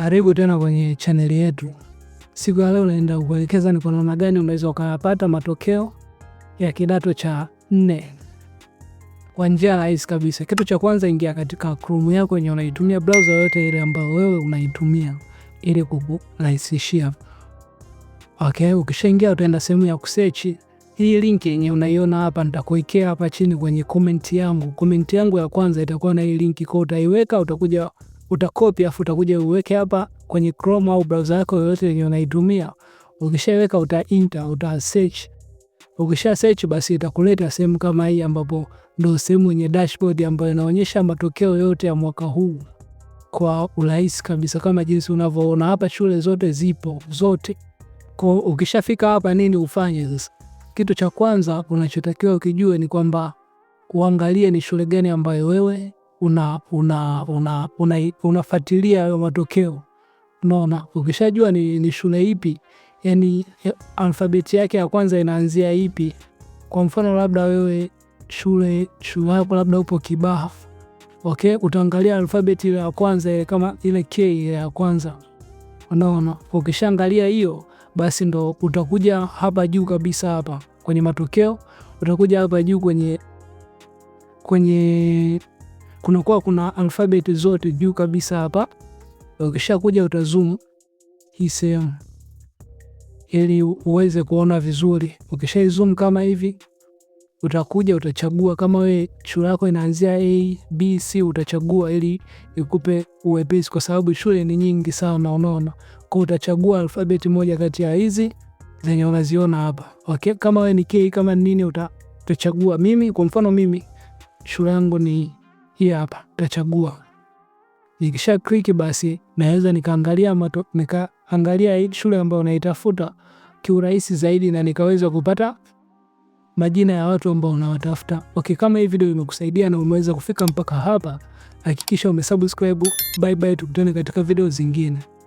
Karibu tena kwenye chaneli yetu. Siku ya leo naenda kuelekeza ni kwa namna gani unaweza ukayapata matokeo ya kidato cha nne kwa njia rahisi kabisa. Kitu cha kwanza, ingia katika Chrome yako yenye unaitumia, browser yoyote ile ambayo wewe unaitumia ili kukurahisishia. Okay, ukishaingia utaenda sehemu ya kusearch. Hii link yenye unaiona hapa nitakuwekea hapa chini kwenye comment yangu. Comment yangu ya kwanza itakuwa na hii link, kwa utaiweka utakuja utakopi afu utakuja uweke hapa kwenye Chrome au browser yako yoyote yenye unaitumia. Ukishaweka uta enter, uta search. Ukisha search basi itakuleta sehemu kama hii ambapo ndio sehemu yenye dashboard ambayo inaonyesha matokeo yote ya mwaka huu kwa urahisi kabisa kama jinsi unavyoona hapa, shule zote zipo zote. Kwa ukishafika hapa, nini ufanye sasa? Kitu cha kwanza unachotakiwa ukijue ni kwamba uangalie ni shule gani ambayo wewe unafuatilia una, una, una hayo matokeo. naona ukishajua ni, ni shule ipi, yani alfabeti yake ya kwanza inaanzia ipi. Kwa mfano labda wewe shule shule yako labda upo Kibaha, okay, utaangalia alfabeti ile ya kwanza ile kama ile K ile ya kwanza. Unaona, ukishaangalia hiyo basi ndo utakuja hapa juu kabisa, hapa kwenye matokeo utakuja hapa juu kwenye kwenye kunakuwa kuna alfabet zote juu kabisa hapa. Ukisha Ukishakuja utazoom hii sehemu ili uweze kuona vizuri. Ukishaizoom kama hivi, utakuja utachagua, kama we shule yako inaanzia A, B, C, utachagua ili ikupe uwepesi, kwa sababu shule ni nyingi sana, unaona. Kwa utachagua alfabeti moja kati ya hizi zenye unaziona hapa okay. Kama we ni K, kama nini, utachagua. Mimi kwa mfano, mimi shule yangu ni hii hapa nitachagua. Nikisha click basi naweza nikaangalia mato, nikaangalia hii shule ambayo naitafuta kiurahisi zaidi na nikaweza kupata majina ya watu ambao unawatafuta. Okay, kama hii video imekusaidia na umeweza kufika mpaka hapa, hakikisha umesubscribe. Bye bye, tukutane katika video zingine.